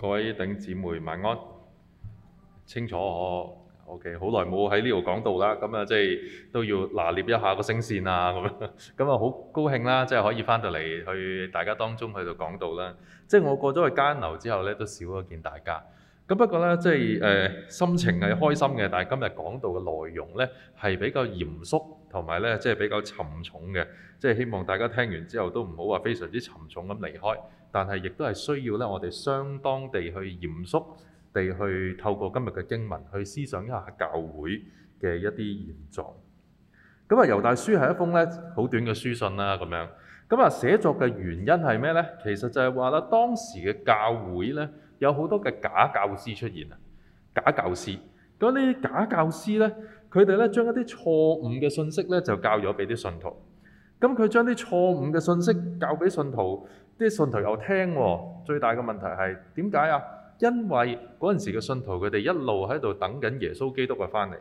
各位頂姊妹晚安，清楚，OK，好耐冇喺呢度講道啦，咁啊，即係都要拿捏一下個聲線啊，咁樣，咁啊，好高興啦，即係可以翻到嚟去大家當中去度講道啦。即係我過咗去間樓之後咧，都少咗見大家。咁不過咧，即係誒心情係開心嘅，但係今日講道嘅內容咧係比較嚴肅同埋咧，即係比較沉重嘅。即係希望大家聽完之後都唔好話非常之沉重咁離開。但係亦都係需要咧，我哋相當地去嚴肅地去透過今日嘅經文去思想一下教會嘅一啲現狀。咁、嗯、啊，猶大書係一封咧好短嘅書信啦，咁樣。咁、嗯、啊，寫作嘅原因係咩咧？其實就係話啦，當時嘅教會咧有好多嘅假教師出現啊，假教師。咁呢啲假教師咧，佢哋咧將一啲錯誤嘅信息咧就教咗俾啲信徒。咁佢將啲錯誤嘅信息教俾信徒。啲信徒又聽喎，最大嘅問題係點解啊？因為嗰陣時嘅信徒佢哋一路喺度等緊耶穌基督嘅翻嚟，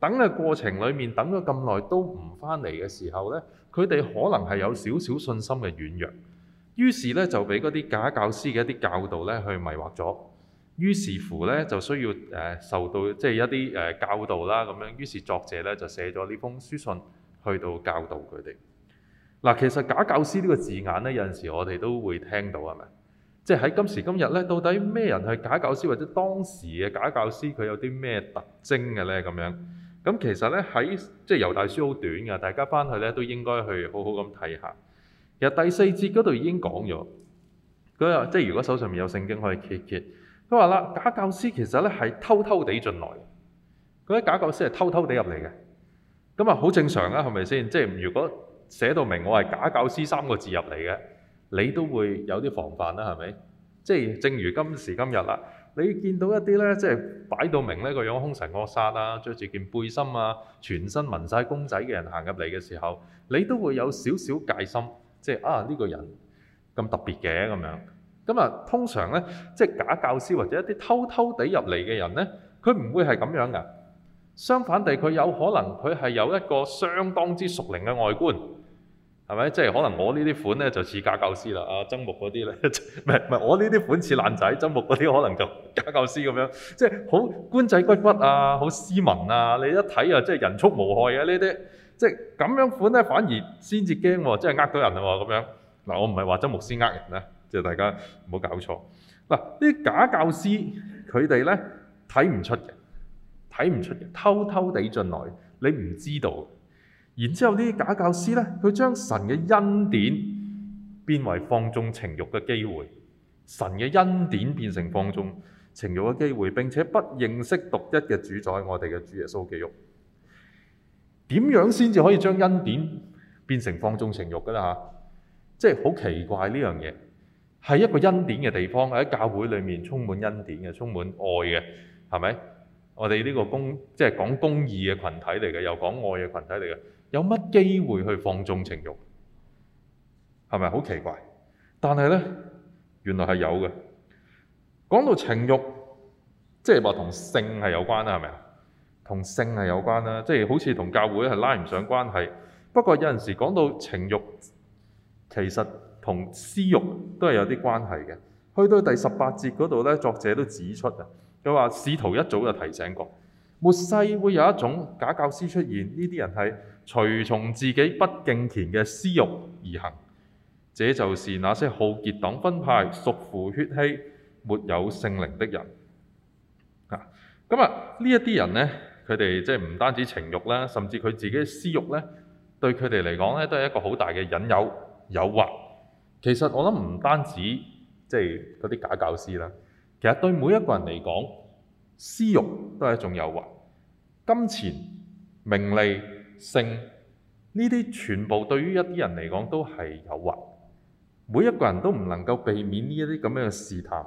等嘅過程裡面等咗咁耐都唔翻嚟嘅時候咧，佢哋可能係有少少信心嘅軟弱，於是咧就俾嗰啲假教師嘅一啲教導咧去迷惑咗，於是乎咧就需要誒受到即係一啲誒教導啦咁樣，於是作者咧就寫咗呢封書信去到教導佢哋。嗱，其實假教師呢個字眼呢，有陣時我哋都會聽到，係咪？即係喺今時今日呢，到底咩人係假教師，或者當時嘅假教師佢有啲咩特徵嘅呢？咁樣咁其實呢，喺即係猶大書好短嘅，大家翻去呢，都應該去好好咁睇下。其實第四節嗰度已經講咗，佢話即係如果手上面有聖經可以揭揭，佢話啦，假教師其實咧係偷偷地進來嘅，嗰啲假教師係偷偷地入嚟嘅，咁啊好正常啊，係咪先？即係如果，寫到明我係假教師三個字入嚟嘅，你都會有啲防範啦，係咪？即係正如今時今日啦，你見到一啲咧，即係擺到明呢個樣兇神惡煞啊，着住件背心啊，全身紋晒公仔嘅人行入嚟嘅時候，你都會有少少戒心，即係啊呢個人咁特別嘅咁樣。咁啊，通常咧即係假教師或者一啲偷偷地入嚟嘅人咧，佢唔會係咁樣噶。相反地，佢有可能佢係有一個相當之屬靈嘅外觀。係咪？即係可能我呢啲款咧就似假教師啦，啊，曾牧嗰啲咧，唔係唔係，我呢啲款似爛仔，曾牧嗰啲可能就假教師咁樣，即係好官仔骨骨啊，好斯文啊，你一睇啊，即係人畜無害呀呢啲，即係咁樣款咧反而先至驚喎，即係呃到人喎、啊、咁樣。嗱，我唔係話曾牧師呃人啦，即係大家唔好搞錯。嗱，呢啲假教師佢哋咧睇唔出嘅，睇唔出嘅，偷偷地進來，你唔知道。然之後呢啲假教師呢，佢將神嘅恩典變為放縱情慾嘅機會，神嘅恩典變成放縱情慾嘅機會，並且不認識獨一嘅主宰我哋嘅主耶穌基督。點樣先至可以將恩典變成放縱情慾噶啦？嚇，即係好奇怪呢樣嘢，係一個恩典嘅地方，喺教會裏面充滿恩典嘅，充滿愛嘅，係咪？我哋呢個公，即係講公義嘅群體嚟嘅，又講愛嘅群體嚟嘅。有乜機會去放縱情慾？係咪好奇怪？但係呢，原來係有嘅。講到情慾，即係話同性係有關啦，係咪啊？同性係有關啦，即係好似同教會係拉唔上關係。不過有陣時講到情慾，其實同私慾都係有啲關係嘅。去到第十八節嗰度呢，作者都指出啊，佢話使徒一早就提醒過，末世會有一種假教師出現，呢啲人係。隨從自己不敬虔嘅私欲而行，這就是那些好結黨分派、屬乎血氣、沒有聖靈的人。嚇咁啊！呢一啲人呢，佢哋即係唔單止情慾啦，甚至佢自己私慾呢，對佢哋嚟講呢，都係一個好大嘅引誘誘惑。其實我諗唔單止即係嗰啲假教師啦，其實對每一個人嚟講，私慾都係一種誘惑，金錢、名利。性呢啲全部對於一啲人嚟講都係誘惑，每一個人都唔能夠避免呢一啲咁樣嘅試探。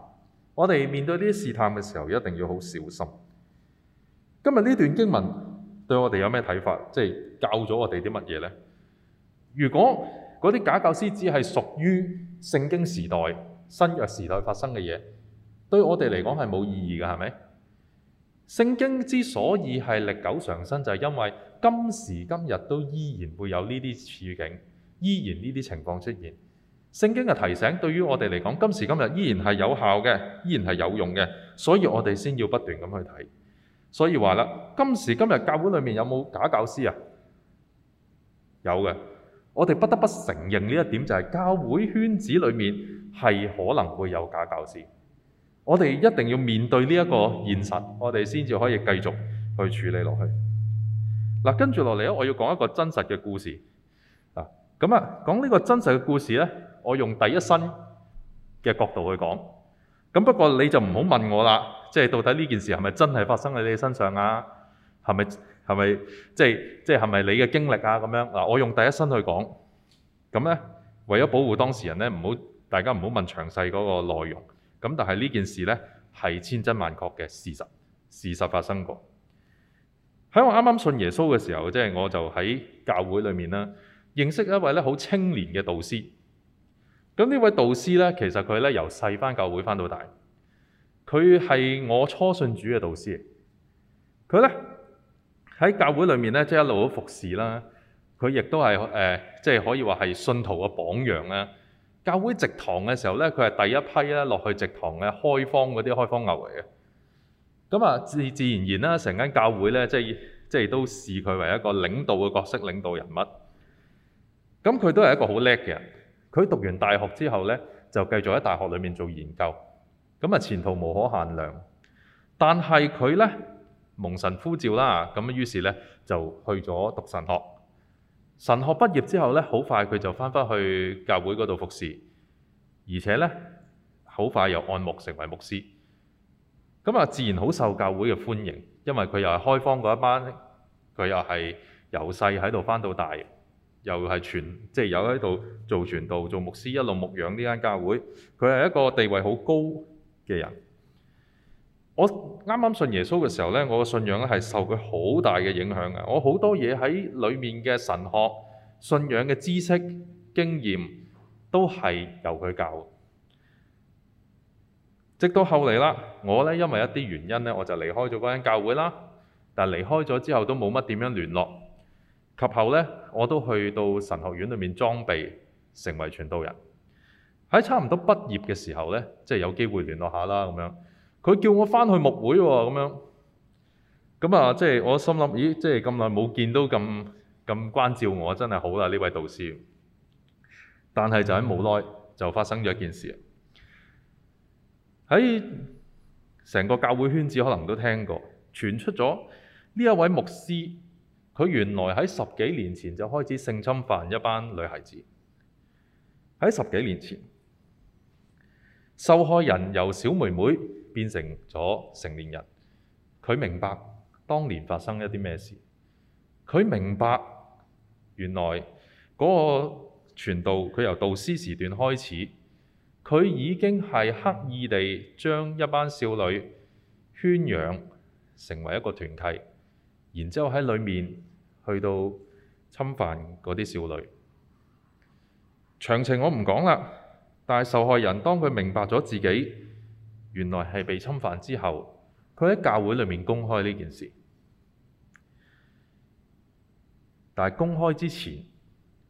我哋面對呢啲試探嘅時候，一定要好小心。今日呢段經文對我哋有咩睇法？即係教咗我哋啲乜嘢呢？如果嗰啲假教師只係屬於聖經時代、新約時代發生嘅嘢，對我哋嚟講係冇意義嘅，係咪？聖經之所以係歷久常新，就係因為今時今日都依然會有呢啲處境，依然呢啲情況出現。聖經嘅提醒對於我哋嚟講，今時今日依然係有效嘅，依然係有用嘅，所以我哋先要不斷咁去睇。所以話啦，今時今日教會裏面有冇假教師啊？有嘅，我哋不得不承認呢一點，就係教會圈子裏面係可能會有假教師。我哋一定要面對呢一個現實，我哋先至可以繼續去處理落去。嗱，跟住落嚟咧，我要講一個真實嘅故事。嗱，咁啊，講呢個真實嘅故事咧，我用第一身嘅角度去講。咁不過你就唔好問我啦，即係到底呢件事係咪真係發生喺你身上啊？係咪，係咪即係即係，係咪你嘅經歷啊？咁樣。嗱，我用第一身去講。咁咧，為咗保護當事人咧，唔好，大家唔好問詳細嗰個內容。咁但係呢件事咧，係千真萬確嘅事實，事實發生過。喺我啱啱信耶穌嘅時候，即係我就喺教會裏面啦，認識一位咧好青年嘅導師。咁呢位導師咧，其實佢咧由細翻教會翻到大，佢係我初信主嘅導師。佢咧喺教會裏面咧，即係一路都服侍啦。佢亦都係誒，即、呃、係可以話係信徒嘅榜樣啊！教會植堂嘅時候咧，佢係第一批咧落去植堂嘅開荒嗰啲開荒牛嚟嘅。咁啊，自自然然啦，成間教會咧，即係即係都視佢為一個領導嘅角色、領導人物。咁佢都係一個好叻嘅人。佢讀完大學之後咧，就繼續喺大學裏面做研究。咁啊，前途無可限量。但係佢咧蒙神呼召啦，咁啊，於是咧就去咗讀神學。神學畢業之後咧，好快佢就翻返去教會嗰度服侍。而且咧好快又按牧成為牧師。咁啊，自然好受教會嘅歡迎，因為佢又係開荒嗰一班，佢又係由細喺度翻到大，又係傳，即係又喺度做傳道、做牧師，一路牧養呢間教會，佢係一個地位好高嘅人。我啱啱信耶穌嘅時候咧，我嘅信仰咧，係受佢好大嘅影響嘅。我好多嘢喺裏面嘅神學信仰嘅知識經驗都係由佢教。直到後嚟啦，我咧因為一啲原因咧，我就離開咗嗰間教會啦。但係離開咗之後都冇乜點樣聯絡。及後咧，我都去到神學院裏面裝備，成為傳道人。喺差唔多畢業嘅時候咧，即係有機會聯絡下啦咁樣。佢叫我翻去牧會喎，咁樣。咁啊，即係我心諗，咦，即係咁耐冇見到咁咁關照我，真係好啦，呢位導師。但係就喺冇耐就發生咗一件事。喺成個教會圈子可能都聽過，傳出咗呢一位牧師，佢原來喺十幾年前就開始性侵犯一班女孩子。喺十幾年前，受害人由小妹妹變成咗成年人，佢明白當年發生一啲咩事，佢明白原來嗰個傳道佢由導師時段開始。佢已經係刻意地將一班少女圈養成為一個團契，然之後喺裏面去到侵犯嗰啲少女。詳情我唔講啦，但係受害人當佢明白咗自己原來係被侵犯之後，佢喺教會裏面公開呢件事，但係公開之前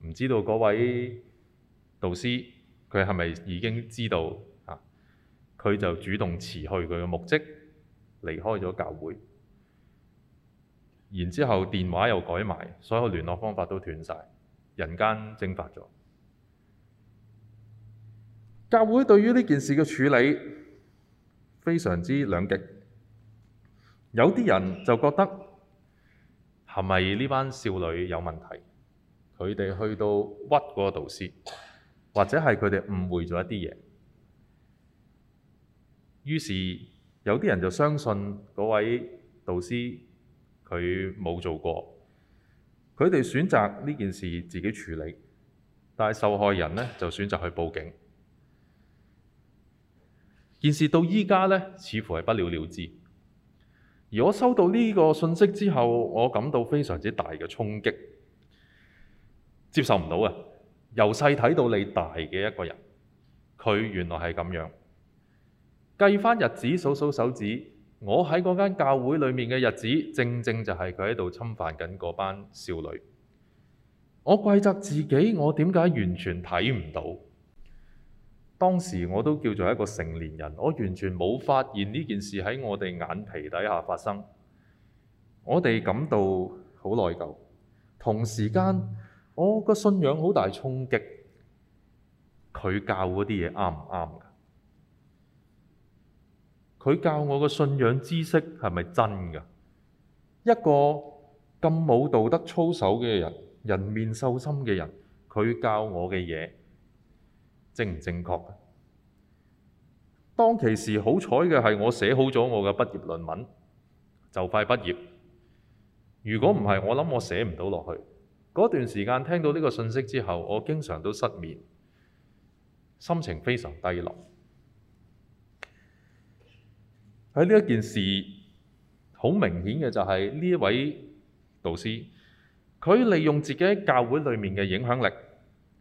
唔知道嗰位導師。佢係咪已經知道啊？佢就主動辭去佢嘅牧職，離開咗教會。然之後電話又改埋，所有聯絡方法都斷晒，人間蒸發咗。教會對於呢件事嘅處理非常之兩極。有啲人就覺得係咪呢班少女有問題？佢哋去到屈嗰個導師。或者係佢哋誤會咗一啲嘢，於是有啲人就相信嗰位導師佢冇做過，佢哋選擇呢件事自己處理，但係受害人呢就選擇去報警。件事到而家呢，似乎係不了了之。而我收到呢個訊息之後，我感到非常之大嘅衝擊，接受唔到啊！由細睇到你大嘅一個人，佢原來係咁樣。計翻日子，數數手指，我喺嗰間教會裏面嘅日子，正正就係佢喺度侵犯緊嗰班少女。我怪責自己，我點解完全睇唔到？當時我都叫做一個成年人，我完全冇發現呢件事喺我哋眼皮底下發生。我哋感到好內疚，同時間。我、哦個信仰好大衝擊，佢教嗰啲嘢啱唔啱？佢教我嘅信仰知識係咪真㗎？一個咁冇道德操守嘅人，人面獸心嘅人，佢教我嘅嘢正唔正確？當其時好彩嘅係我寫好咗我嘅畢業論文，就快畢業。如果唔係，嗯、我諗我寫唔到落去。嗰段時間聽到呢個信息之後，我經常都失眠，心情非常低落。喺呢一件事好明顯嘅就係呢一位導師，佢利用自己喺教會裏面嘅影響力，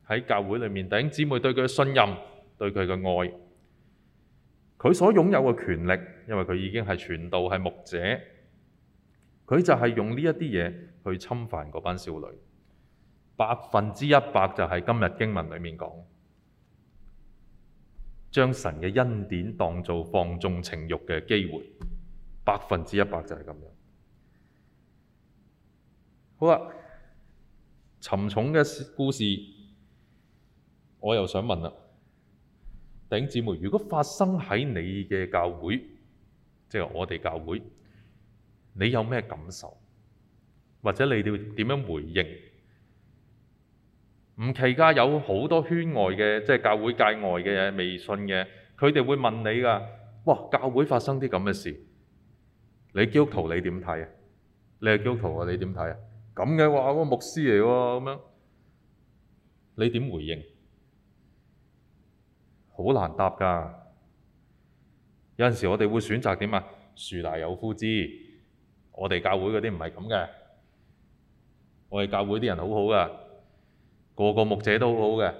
喺教會裏面啲姊妹對佢嘅信任、對佢嘅愛，佢所擁有嘅權力，因為佢已經係傳道係牧者，佢就係用呢一啲嘢去侵犯嗰班少女。百分之一百就係、是、今日經文裡面講，將神嘅恩典當做放縱情欲嘅機會，百分之一百就係、是、咁樣。好啦、啊，沉重嘅故事，我又想問啦，弟兄姊妹，如果發生喺你嘅教會，即、就、係、是、我哋教會，你有咩感受，或者你哋會點樣回應？五期噶，家有好多圈外嘅，即係教會界外嘅微信嘅，佢哋會問你噶。哇，教會發生啲咁嘅事，你基督徒你點睇啊？你係基督徒啊，你點睇啊？咁嘅話，我牧師嚟喎，咁樣你點回應？好難答噶。有陣時我哋會選擇點啊？樹大有枯枝。我哋教會嗰啲唔係咁嘅，我哋教會啲人好好噶。個個牧者都好嘅，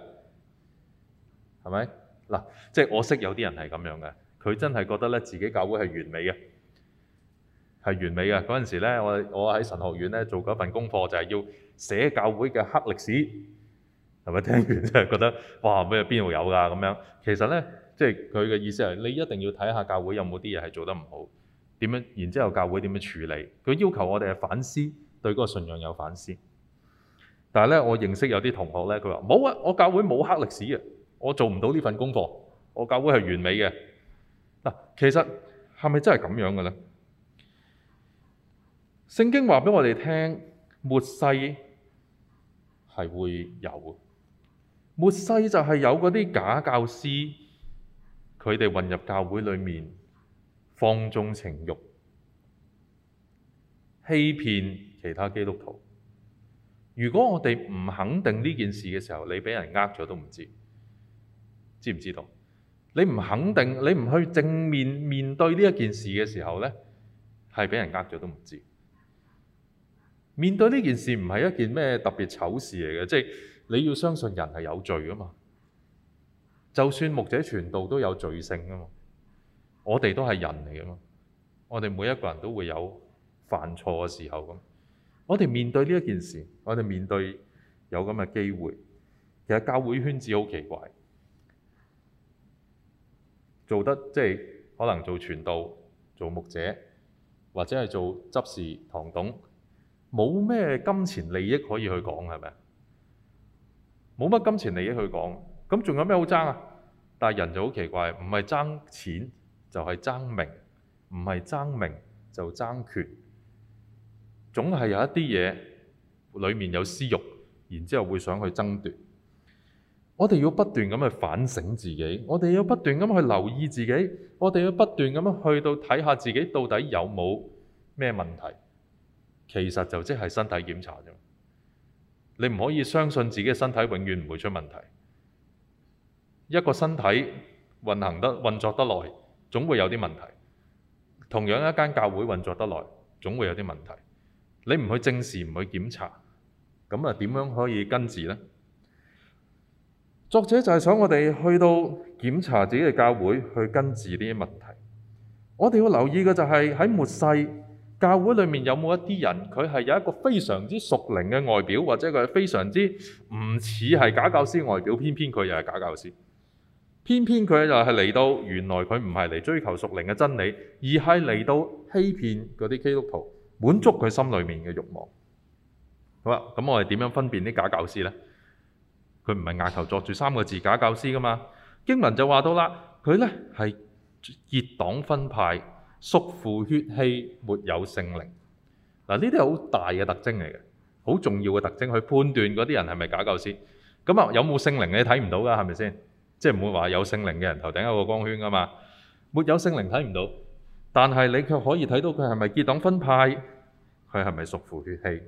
係咪？嗱，即係我識有啲人係咁樣嘅，佢真係覺得咧自己教會係完美嘅，係完美嘅。嗰陣時咧，我我喺神學院咧做過一份功課，就係要寫教會嘅黑歷史，係咪？聽完就覺得哇，咩邊度有㗎咁樣？其實咧，即係佢嘅意思係你一定要睇下教會有冇啲嘢係做得唔好，點樣？然之後教會點樣處理？佢要求我哋係反思，對嗰個信仰有反思。但係咧，我認識有啲同學咧，佢話：冇啊，我教會冇黑歷史嘅，我做唔到呢份功課。我教會係完美嘅。嗱，其實係咪真係咁樣嘅咧？聖經話俾我哋聽，末世係會有嘅。末世就係有嗰啲假教師，佢哋混入教會裡面，放縱情慾，欺騙其他基督徒。如果我哋唔肯定呢件事嘅時候，你俾人呃咗都唔知，知唔知道？你唔肯定，你唔去正面面對呢一件事嘅時候呢，係俾人呃咗都唔知。面對呢件事唔係一件咩特別醜事嚟嘅，即係你要相信人係有罪噶嘛。就算牧者傳道都有罪性噶嘛，我哋都係人嚟噶嘛，我哋每一個人都會有犯錯嘅時候咁。我哋面對呢一件事，我哋面對有咁嘅機會，其實教會圈子好奇怪，做得即係可能做傳道、做牧者，或者係做執事、堂董，冇咩金錢利益可以去講，係咪？冇乜金錢利益去講，咁仲有咩好爭啊？但係人就好奇怪，唔係爭錢就係爭名，唔係爭名就爭權。總係有一啲嘢裏面有私欲，然之後會想去爭奪。我哋要不斷咁去反省自己，我哋要不斷咁去留意自己，我哋要不斷咁去到睇下自己到底有冇咩問題。其實就即係身體檢查啫。你唔可以相信自己嘅身體永遠唔會出問題。一個身體運行得運作得耐，總會有啲問題。同樣一間教會運作得耐，總會有啲問題。你唔去正視，唔去檢查，咁啊點樣可以根治呢？作者就係想我哋去到檢查自己嘅教會，去根治呢啲問題。我哋要留意嘅就係喺末世教會裏面有冇一啲人，佢係有一個非常之屬靈嘅外表，或者佢係非常之唔似係假教師外表，偏偏佢又係假教師。偏偏佢就係嚟到，原來佢唔係嚟追求屬靈嘅真理，而係嚟到欺騙嗰啲基督徒，滿足佢心裏面嘅慾望。好啦，咁我哋點樣分辨啲假教師呢？佢唔係額頭作住三個字假教師㗎嘛？經文就話到啦，佢呢係結黨分派、縮負血氣、沒有聖靈。嗱，呢啲係好大嘅特徵嚟嘅，好重要嘅特徵去判斷嗰啲人係咪假教師。咁啊，有冇聖靈你睇唔到㗎，係咪先？即係唔會話有聖靈嘅人頭頂有個光圈㗎嘛？沒有聖靈睇唔到，但係你卻可以睇到佢係咪結黨分派。佢係咪屬乎血氣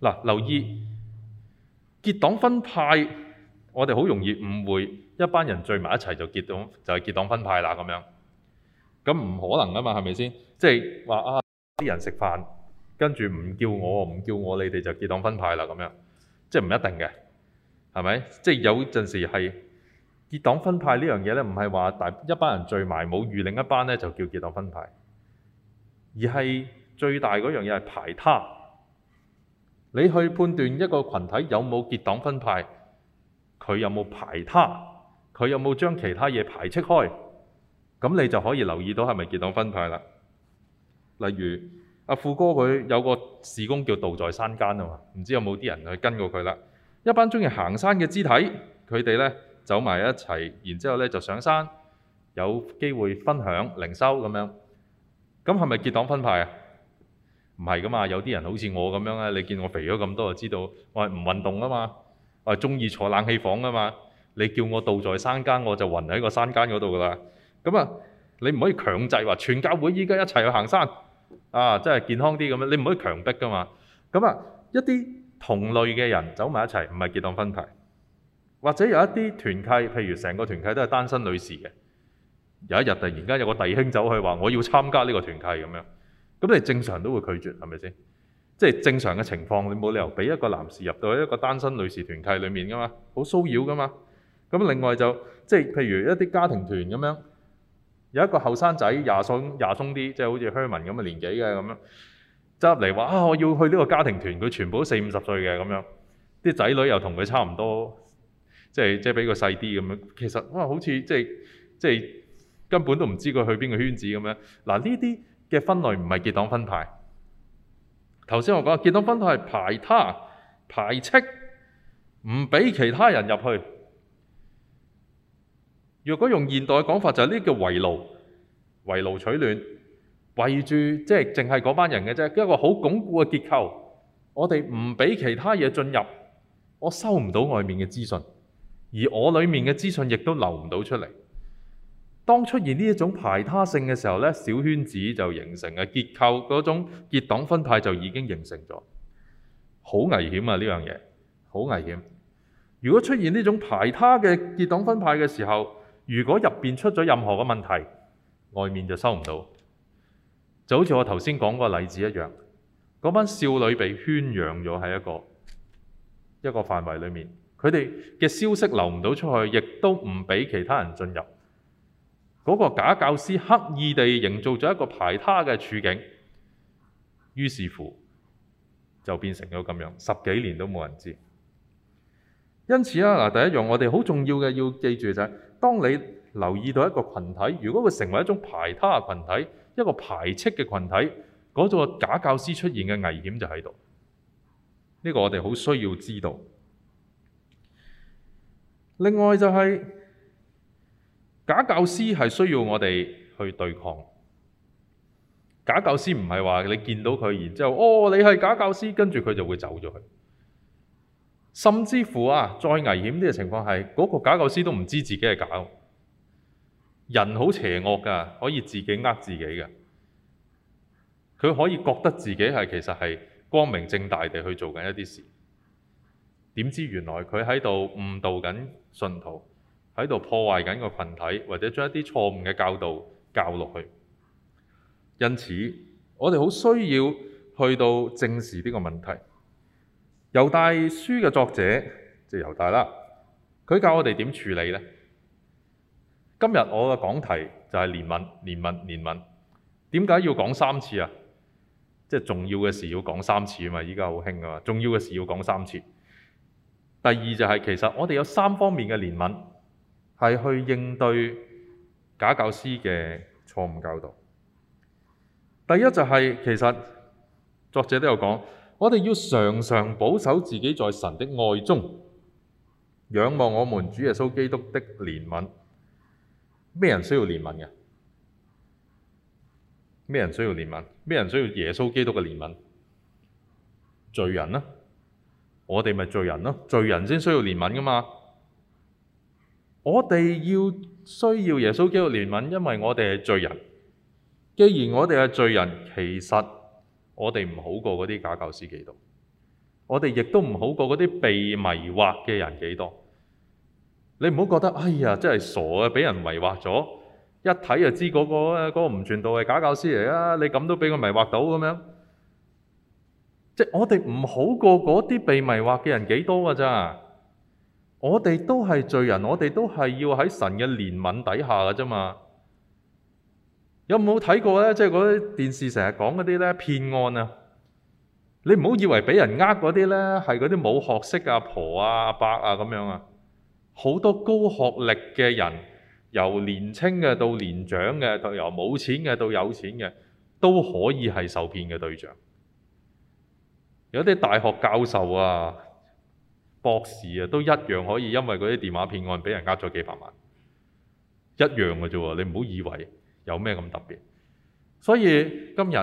嗱，啊？留意結黨分派，我哋好容易誤會一班人聚埋一齊就結黨，就係、係、結黨分派啦。咁樣咁唔可能㗎嘛？係咪先？即係話啊，啲人食飯跟住唔叫我唔叫我，你哋就結黨分派啦。咁樣即係唔一定嘅，係咪？即係有陣時係結黨分派呢樣嘢咧，唔係話大一班人聚埋冇預另一班咧，就叫結黨分派，而係。最大嗰樣嘢係排他。你去判斷一個群體有冇結黨分派，佢有冇排他，佢有冇將其他嘢排斥開，咁你就可以留意到係咪結黨分派啦。例如阿、啊、富哥佢有個事工叫道在山間啊嘛，唔知有冇啲人去跟過佢啦。一班鍾意行山嘅肢體，佢哋呢走埋一齊，然之後呢就上山，有機會分享靈修咁樣。咁係咪結黨分派啊？唔係噶嘛，有啲人好似我咁樣啊，你見我肥咗咁多就知道，我係唔運動啊嘛，我係中意坐冷氣房啊嘛。你叫我倒在山間，我就暈喺個山間嗰度噶啦。咁啊，你唔可以強制話全教會依家一齊去行山啊，真係健康啲咁樣。你唔可以強迫噶嘛。咁啊，一啲同類嘅人走埋一齊，唔係結黨分派，或者有一啲團契，譬如成個團契都係單身女士嘅，有一日突然間有個弟兄走去話我要參加呢個團契咁樣。咁你正常都會拒絕係咪先？即係正常嘅情況，你冇理由俾一個男士入到一個單身女士團契裡面噶嘛，好騷擾噶嘛。咁另外就即係譬如一啲家庭團咁樣，有一個後生仔廿鬆廿鬆啲，即係好似 Sherman 咁嘅年紀嘅咁樣，執嚟話啊，我要去呢個家庭團，佢全部都四五十歲嘅咁樣，啲仔女又同佢差唔多，即係即係俾佢細啲咁樣。其實哇，好似即係即係根本都唔知佢去邊個圈子咁樣。嗱呢啲嘅分類唔係結黨分派。頭先我講結黨分派係排他排斥，唔俾其他人入去。如果用現代嘅講法，就係呢個叫圍爐，圍爐取暖，圍住即係淨係嗰班人嘅啫，一個好鞏固嘅結構。我哋唔俾其他嘢進入，我收唔到外面嘅資訊，而我裡面嘅資訊亦都流唔到出嚟。當出現呢一種排他性嘅時候呢，小圈子就形成嘅結構，嗰種結黨分派就已經形成咗，好危險啊！呢樣嘢好危險。如果出現呢種排他嘅結黨分派嘅時候，如果入邊出咗任何嘅問題，外面就收唔到，就好似我頭先講嗰個例子一樣，嗰班少女被圈養咗喺一個一個範圍裡面，佢哋嘅消息流唔到出去，亦都唔俾其他人進入。嗰個假教師刻意地營造咗一個排他嘅處境，於是乎就變成咗咁樣，十幾年都冇人知。因此啦，嗱第一樣我哋好重要嘅要記住就係，當你留意到一個群體，如果佢成為一種排他群體、一個排斥嘅群體，嗰個假教師出現嘅危險就喺度。呢個我哋好需要知道。另外就係。假教師係需要我哋去對抗。假教師唔係話你見到佢，然之後哦，你係假教師，跟住佢就會走咗去。甚至乎啊，再危險啲嘅情況係，嗰個假教師都唔知自己係假。人好邪惡噶，可以自己呃自己嘅。佢可以覺得自己係其實係光明正大地去做緊一啲事，點知原來佢喺度誤導緊信徒。喺度破壞緊個群體，或者將一啲錯誤嘅教導教落去。因此，我哋好需要去到正視呢個問題。猶大書嘅作者就係猶大啦，佢教我哋點處理呢？今日我嘅講題就係憐憫、憐憫、憐憫。點解要講三次啊？即係重要嘅事要講三次啊嘛！依家好興啊嘛，重要嘅事要講三次。第二就係、是、其實我哋有三方面嘅憐憫。係去應對假教師嘅錯誤教導。第一就係、是、其實作者都有講，我哋要常常保守自己在神的愛中，仰望我們主耶穌基督的憐憫。咩人需要憐憫嘅？咩人需要憐憫？咩人需要耶穌基督嘅憐憫？罪人啦、啊，我哋咪罪人咯、啊，罪人先需要憐憫噶嘛。我哋要需要耶穌基督憐憫，因為我哋係罪人。既然我哋係罪人，其實我哋唔好過嗰啲假教師幾多。我哋亦都唔好過嗰啲被迷惑嘅人幾多。你唔好覺得，哎呀，真係傻啊！畀人迷惑咗，一睇就知嗰個嗰個唔全道係假教師嚟啊！你咁都畀佢迷惑到咁樣，即係我哋唔好過嗰啲被迷惑嘅人幾多㗎咋？我哋都係罪人，我哋都係要喺神嘅憐憫底下嘅啫嘛。有冇睇過呢？即係嗰啲電視成日講嗰啲呢騙案啊？你唔好以為畀人呃嗰啲呢係嗰啲冇學識阿婆啊、阿伯啊咁樣啊。好多高學歷嘅人，由年青嘅到年長嘅，由冇錢嘅到有錢嘅，都可以係受騙嘅對象。有啲大學教授啊。博士啊，都一樣可以，因為嗰啲電話騙案俾人呃咗幾百萬，一樣嘅啫喎。你唔好以為有咩咁特別。所以今日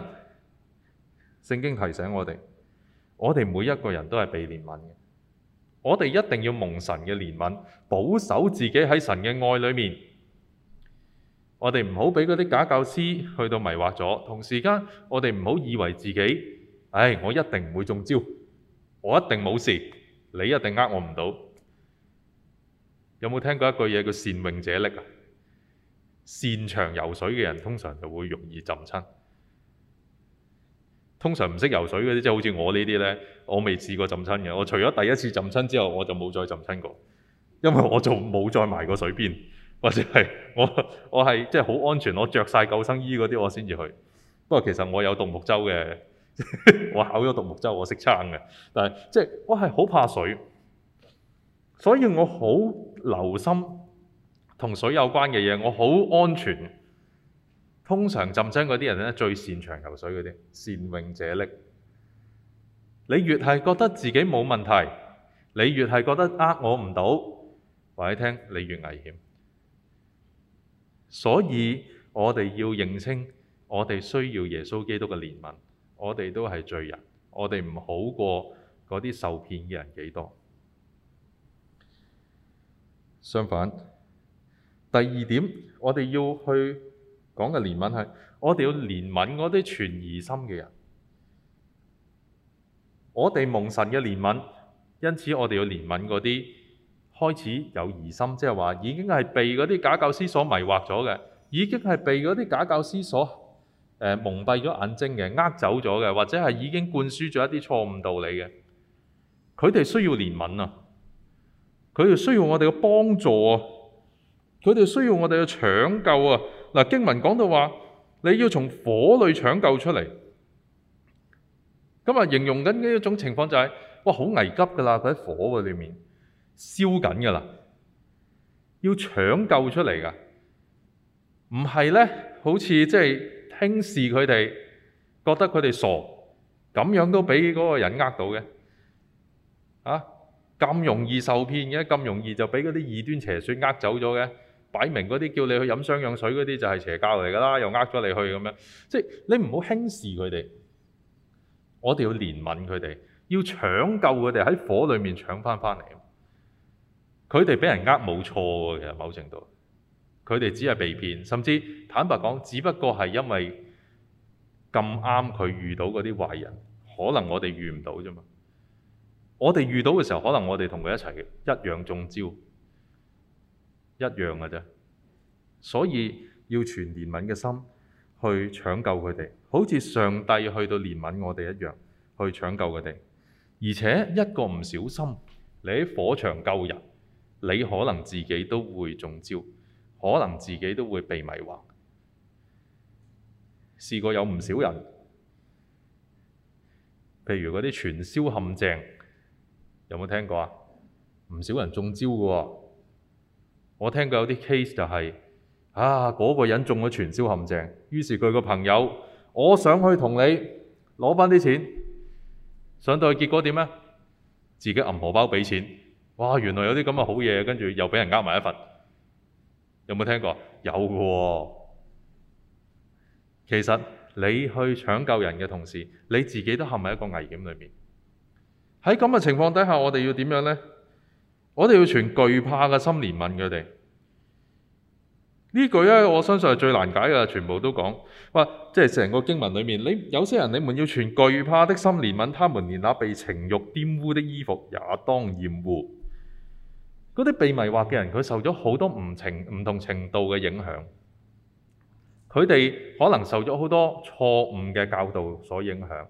聖經提醒我哋，我哋每一個人都係被憐憫嘅。我哋一定要蒙神嘅憐憫，保守自己喺神嘅愛裏面。我哋唔好俾嗰啲假教師去到迷惑咗，同時間我哋唔好以為自己，唉，我一定唔會中招，我一定冇事。你一定呃我唔到。有冇聽過一句嘢叫善泳者溺啊？擅長游水嘅人通常就會容易浸親。通常唔識游水嗰啲，即係好似我呢啲咧，我未試過浸親嘅。我除咗第一次浸親之後，我就冇再浸親過，因為我就冇再埋過水邊，或者係我我係即係好安全，我着晒救生衣嗰啲我先至去。不過其實我有獨木舟嘅。 我考咗獨木舟，我識撐嘅，但係即係我係好怕水，所以我好留心同水有關嘅嘢，我好安全。通常浸親嗰啲人咧，最擅長游水嗰啲，善泳者溺。你越係覺得自己冇問題，你越係覺得呃我唔到，話你聽你越危險。所以我哋要認清，我哋需要耶穌基督嘅憐憫。我哋都係罪人，我哋唔好過嗰啲受騙嘅人幾多多。相反，第二點，我哋要去講嘅憐憫係，我哋要憐憫嗰啲存疑心嘅人。我哋蒙神嘅憐憫，因此我哋要憐憫嗰啲開始有疑心，即係話已經係被嗰啲假教師所迷惑咗嘅，已經係被嗰啲假教師所。誒、呃、蒙蔽咗眼睛嘅，呃走咗嘅，或者係已經灌輸咗一啲錯誤道理嘅，佢哋需要憐憫啊！佢哋需要我哋嘅幫助啊！佢哋需要我哋嘅搶救啊！嗱、啊，經文講到話，你要從火裏搶救出嚟。咁啊，形容緊嘅一種情況就係、是，哇，好危急㗎啦！佢喺火嘅裏面燒緊㗎啦，要搶救出嚟㗎，唔係咧，好似即係。輕視佢哋，覺得佢哋傻，咁樣都俾嗰個人呃到嘅，啊咁容易受騙嘅，咁容易就俾嗰啲異端邪說呃走咗嘅，擺明嗰啲叫你去飲雙氧水嗰啲就係邪教嚟噶啦，又呃咗你去咁樣，即係你唔好輕視佢哋，我哋要憐憫佢哋，要搶救佢哋喺火裡面搶翻翻嚟，佢哋俾人呃冇錯嘅，其實某程度。佢哋只係被騙，甚至坦白講，只不過係因為咁啱佢遇到嗰啲壞人，可能我哋遇唔到啫嘛。我哋遇到嘅時候，可能我哋同佢一齊一樣中招，一樣嘅啫。所以要全憐憫嘅心去搶救佢哋，好似上帝去到憐憫我哋一樣去搶救佢哋。而且一個唔小心，你喺火場救人，你可能自己都會中招。可能自己都會被迷惑，試過有唔少人，譬如嗰啲傳銷陷阱，有冇聽過啊？唔少人中招㗎喎、哦。我聽過有啲 case 就係、是、啊，嗰、那個人中咗傳銷陷阱，於是佢個朋友，我想去同你攞翻啲錢，上到去結果點呀？自己揞荷包俾錢，哇！原來有啲咁嘅好嘢，跟住又俾人呃埋一份。有冇聽過？有喎、哦！其實你去搶救人嘅同時，你自己都陷喺一個危險裏面。喺咁嘅情況底下，我哋要點樣呢？我哋要存懼怕嘅心憐憫佢哋。呢句呢，我相信係最難解嘅，全部都講。喂，即係成個經文裏面，你有些人你們要存懼怕的心憐憫他們，連那被情欲玷污，污的衣服也當厭惡。嗰啲被迷惑嘅人，佢受咗好多唔程唔同程度嘅影響。佢哋可能受咗好多錯誤嘅教導所影響。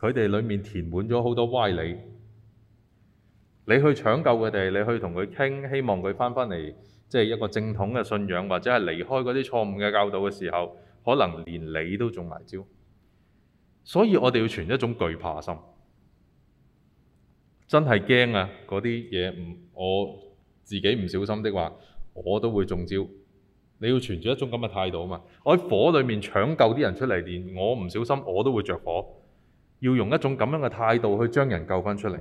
佢哋裡面填滿咗好多歪理。你去搶救佢哋，你去同佢傾，希望佢翻返嚟，即係一個正統嘅信仰，或者係離開嗰啲錯誤嘅教導嘅時候，可能連你都中埋招。所以我哋要存一種懼怕心。真係驚啊！嗰啲嘢我自己唔小心的話，我都會中招。你要存住一種咁嘅態度啊嘛！我喺火裡面搶救啲人出嚟，連我唔小心我都會着火。要用一種咁樣嘅態度去將人救翻出嚟。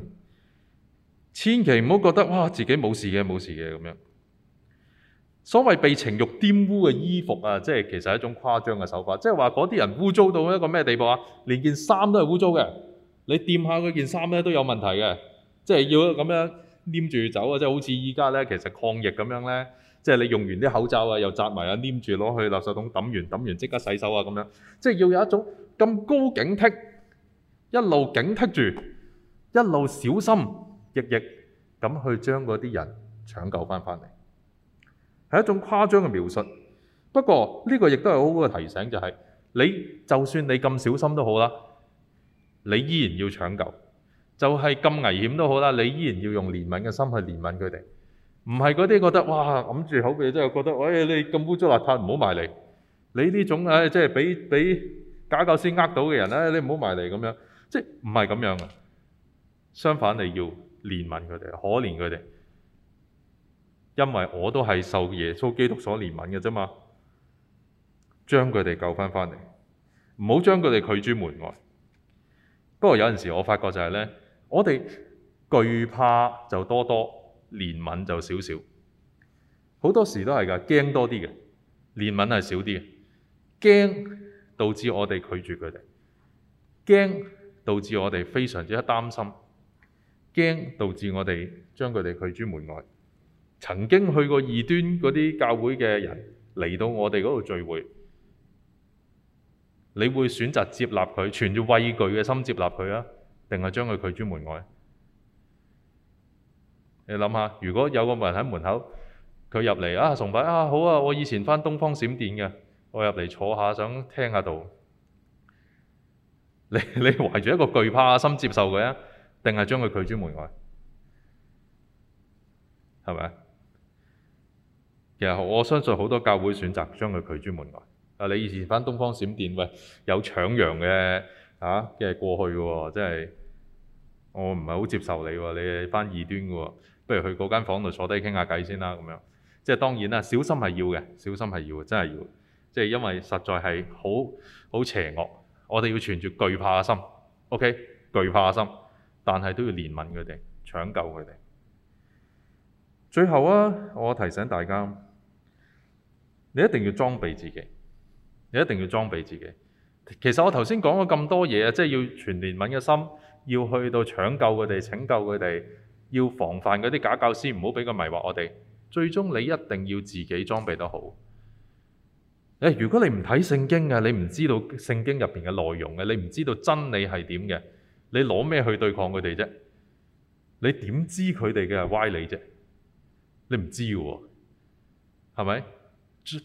千祈唔好覺得哇，自己冇事嘅，冇事嘅，咁樣。所謂被情慾玷污嘅衣服啊，即係其實係一種誇張嘅手法。即係話嗰啲人污糟到一個咩地步啊？連件衫都係污糟嘅，你掂下佢件衫咧都有問題嘅。即係要咁樣黏住走啊！即係好似而家咧，其實抗疫咁樣咧，即係你用完啲口罩啊，又摘埋啊，黏住攞去垃圾桶抌完，抌完即刻洗手啊，咁樣。即係要有一種咁高警惕，一路警惕住，一路小心翼翼咁去將嗰啲人搶救翻翻嚟，係一種誇張嘅描述。不過呢個亦都係好好嘅提醒，就係你就算你咁小心都好啦，你依然要搶救。就係咁危險都好啦，你依然要用憐憫嘅心去憐憫佢哋，唔係嗰啲覺得哇，揞住口鼻，真係覺得，哎，你咁污糟邋遢，唔好埋嚟。你呢種唉、哎，即係俾俾假教師呃到嘅人咧、哎，你唔好埋嚟咁樣，即係唔係咁樣啊？相反，你要憐憫佢哋，可憐佢哋，因為我都係受耶穌基督所憐憫嘅啫嘛，將佢哋救翻翻嚟，唔好將佢哋拒諸門外。不過有陣時我發覺就係、是、咧。我哋懼怕就多多，憐憫就少少。好多時都係噶，驚多啲嘅，憐憫係少啲嘅。驚導致我哋拒絕佢哋，驚導致我哋非常之擔心，驚導致我哋將佢哋拒諸門外。曾經去過異端嗰啲教會嘅人嚟到我哋嗰度聚會，你會選擇接納佢，存住畏懼嘅心接納佢啊？定係將佢拒諸門外。你諗下，如果有個人喺門口，佢入嚟啊，崇拜啊，好啊，我以前翻東方閃電嘅，我入嚟坐下，想聽下道。你你懷住一個懼怕心接受佢啊？定係將佢拒諸門外？係咪啊？其實我相信好多教會選擇將佢拒諸門外。啊，你以前翻東方閃電，喂，有搶羊嘅嚇嘅過去喎，真係。我唔係好接受你喎，你係翻異端嘅喎，不如去嗰間房度坐低傾下偈先啦，咁樣。即係當然啦，小心係要嘅，小心係要，真係要。即係因為實在係好好邪惡，我哋要存住懼怕嘅心，OK？懼怕嘅心，但係都要憐憫佢哋，搶救佢哋。最後啊，我提醒大家，你一定要裝備自己，你一定要裝備自己。其實我頭先講咗咁多嘢啊，即係要全憐憫嘅心。要去到搶救佢哋、拯救佢哋，要防範嗰啲假教師，唔好俾佢迷惑我哋。最終你一定要自己裝備得好。誒、欸，如果你唔睇聖經嘅，你唔知道聖經入邊嘅內容嘅，你唔知道真理係點嘅，你攞咩去對抗佢哋啫？你點知佢哋嘅歪理啫？你唔知嘅喎，係咪？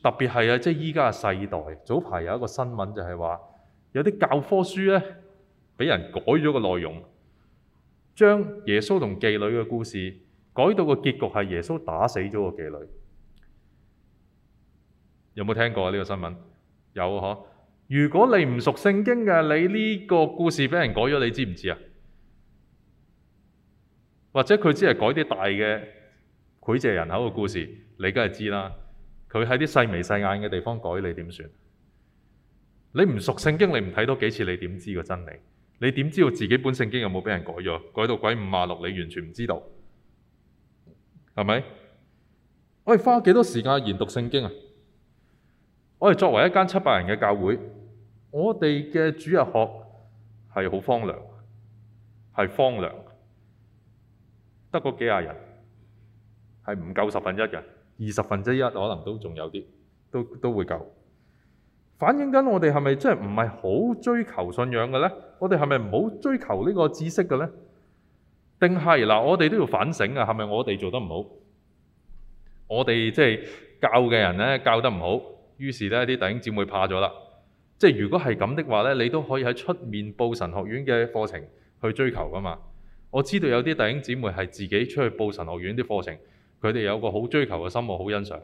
特別係啊，即係依家嘅世代。早排有一個新聞就係話，有啲教科書咧。俾人改咗個內容，將耶穌同妓女嘅故事改到個結局係耶穌打死咗個妓女。有冇聽過呢、這個新聞？有嗬。如果你唔熟聖經嘅，你呢個故事俾人改咗，你知唔知啊？或者佢只係改啲大嘅膾炙人口嘅故事，你梗係知啦。佢喺啲細眉細眼嘅地方改你，你點算？你唔熟聖經，你唔睇多幾次，你點知個真理？你點知道自己本聖經有冇畀人改咗？改到鬼五馬六，你完全唔知道，係咪？我哋花幾多時間研讀聖經啊？我哋作為一間七百人嘅教會，我哋嘅主日學係好荒涼，係荒涼，得嗰幾廿人，係唔夠十分一嘅，二十分之一可能都仲有啲，都都會夠。反映緊我哋係咪真係唔係好追求信仰嘅咧？我哋係咪唔好追求呢個知識嘅咧？定係，嗱，我哋都要反省啊！係咪我哋做得唔好？我哋即係教嘅人咧，教得唔好，於是咧，啲弟兄姊妹怕咗啦。即係如果係咁的話咧，你都可以喺出面報神學院嘅課程去追求㗎嘛。我知道有啲弟兄姊妹係自己出去報神學院啲課程，佢哋有個好追求嘅心，我好欣賞。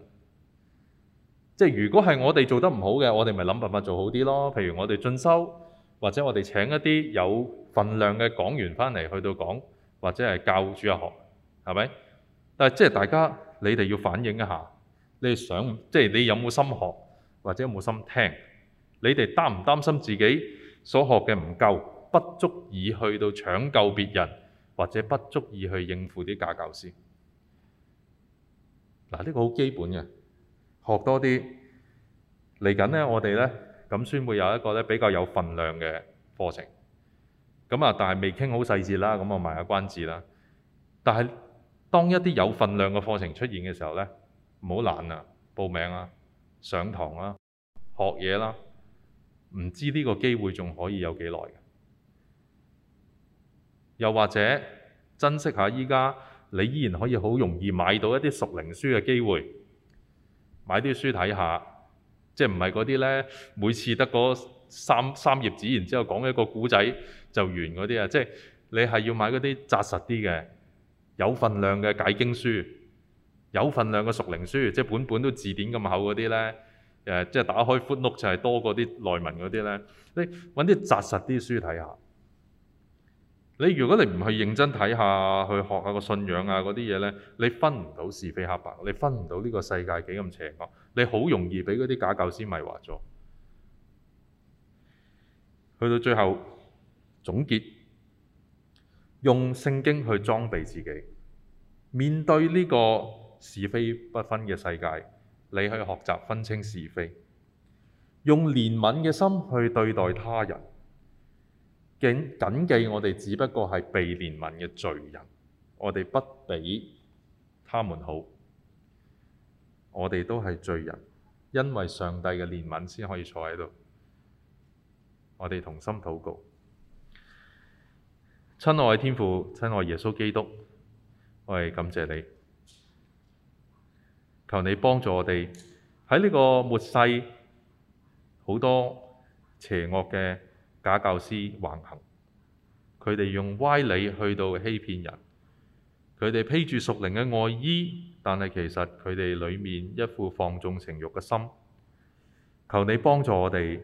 即係如果係我哋做得唔好嘅，我哋咪諗辦法做好啲咯。譬如我哋進修，或者我哋請一啲有份量嘅講員翻嚟去到講，或者係教主日學，係咪？但係即係大家，你哋要反映一下，你哋想即係你有冇心學，或者有冇心聽？你哋擔唔擔心自己所學嘅唔夠，不足以去到搶救別人，或者不足以去應付啲假教師？嗱，呢個好基本嘅。學多啲，嚟緊呢，我哋呢，咁先會有一個呢，比較有份量嘅課程。咁啊，但係未傾好細節啦，咁啊，賣下關子啦。但係當一啲有份量嘅課程出現嘅時候呢，唔好懶啊，報名啊，上堂啊，學嘢啦。唔知呢個機會仲可以有幾耐。又或者珍惜下，而家你依然可以好容易買到一啲屬靈書嘅機會。買啲書睇下，即係唔係嗰啲咧？每次得嗰三三頁紙，然之後講一個故仔就完嗰啲啊！即係你係要買嗰啲紮實啲嘅、有份量嘅解經書、有份量嘅屬靈書，即係本本都字典咁厚嗰啲咧。誒，即係打開 footnote 就係多過啲內文嗰啲咧。你揾啲紮實啲書睇下。你如果你唔去認真睇下，去學下個信仰啊嗰啲嘢呢，你分唔到是非黑白，你分唔到呢個世界幾咁邪惡，你好容易俾嗰啲假教師迷惑咗。去到最後總結，用聖經去裝備自己，面對呢個是非不分嘅世界，你去學習分清是非，用憐憫嘅心去對待他人。謹謹記，我哋只不過係被憐憫嘅罪人，我哋不比他們好，我哋都係罪人，因為上帝嘅憐憫先可以坐喺度。我哋同心禱告，親愛天父，親愛耶穌基督，我哋感謝你，求你幫助我哋喺呢個末世好多邪惡嘅。假教師橫行，佢哋用歪理去到欺騙人。佢哋披住屬靈嘅外衣，但係其實佢哋裏面一副放縱情慾嘅心。求你幫助我哋，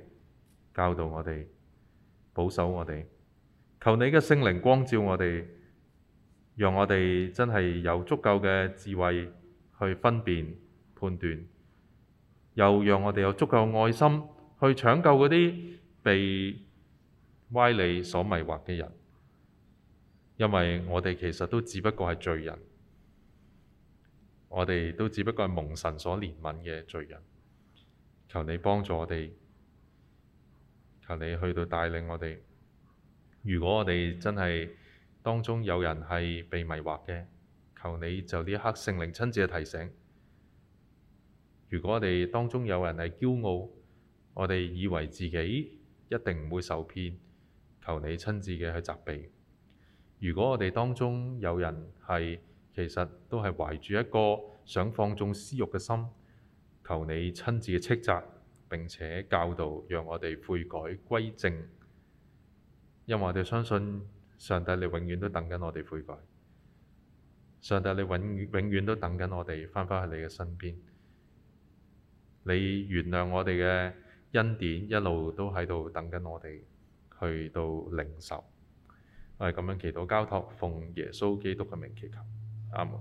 教導我哋，保守我哋。求你嘅聖靈光照我哋，讓我哋真係有足夠嘅智慧去分辨判斷，又讓我哋有足夠嘅愛心去搶救嗰啲被歪理所迷惑嘅人，因為我哋其實都只不過係罪人，我哋都只不過係蒙神所憐憫嘅罪人。求你幫助我哋，求你去到帶領我哋。如果我哋真係當中有人係被迷惑嘅，求你就呢一刻聖靈親自提醒。如果我哋當中有人係驕傲，我哋以為自己一定唔會受騙。求你親自嘅去責備，如果我哋當中有人係其實都係懷住一個想放縱私欲嘅心，求你親自嘅斥責並且教導，讓我哋悔改歸正。因為我哋相信上帝，你永遠都等緊我哋悔改。上帝，你永永遠都等緊我哋翻返去你嘅身邊。你原諒我哋嘅恩典一，一路都喺度等緊我哋。去到零售，我係咁樣祈禱交託，奉耶穌基督嘅名祈求，啱冇？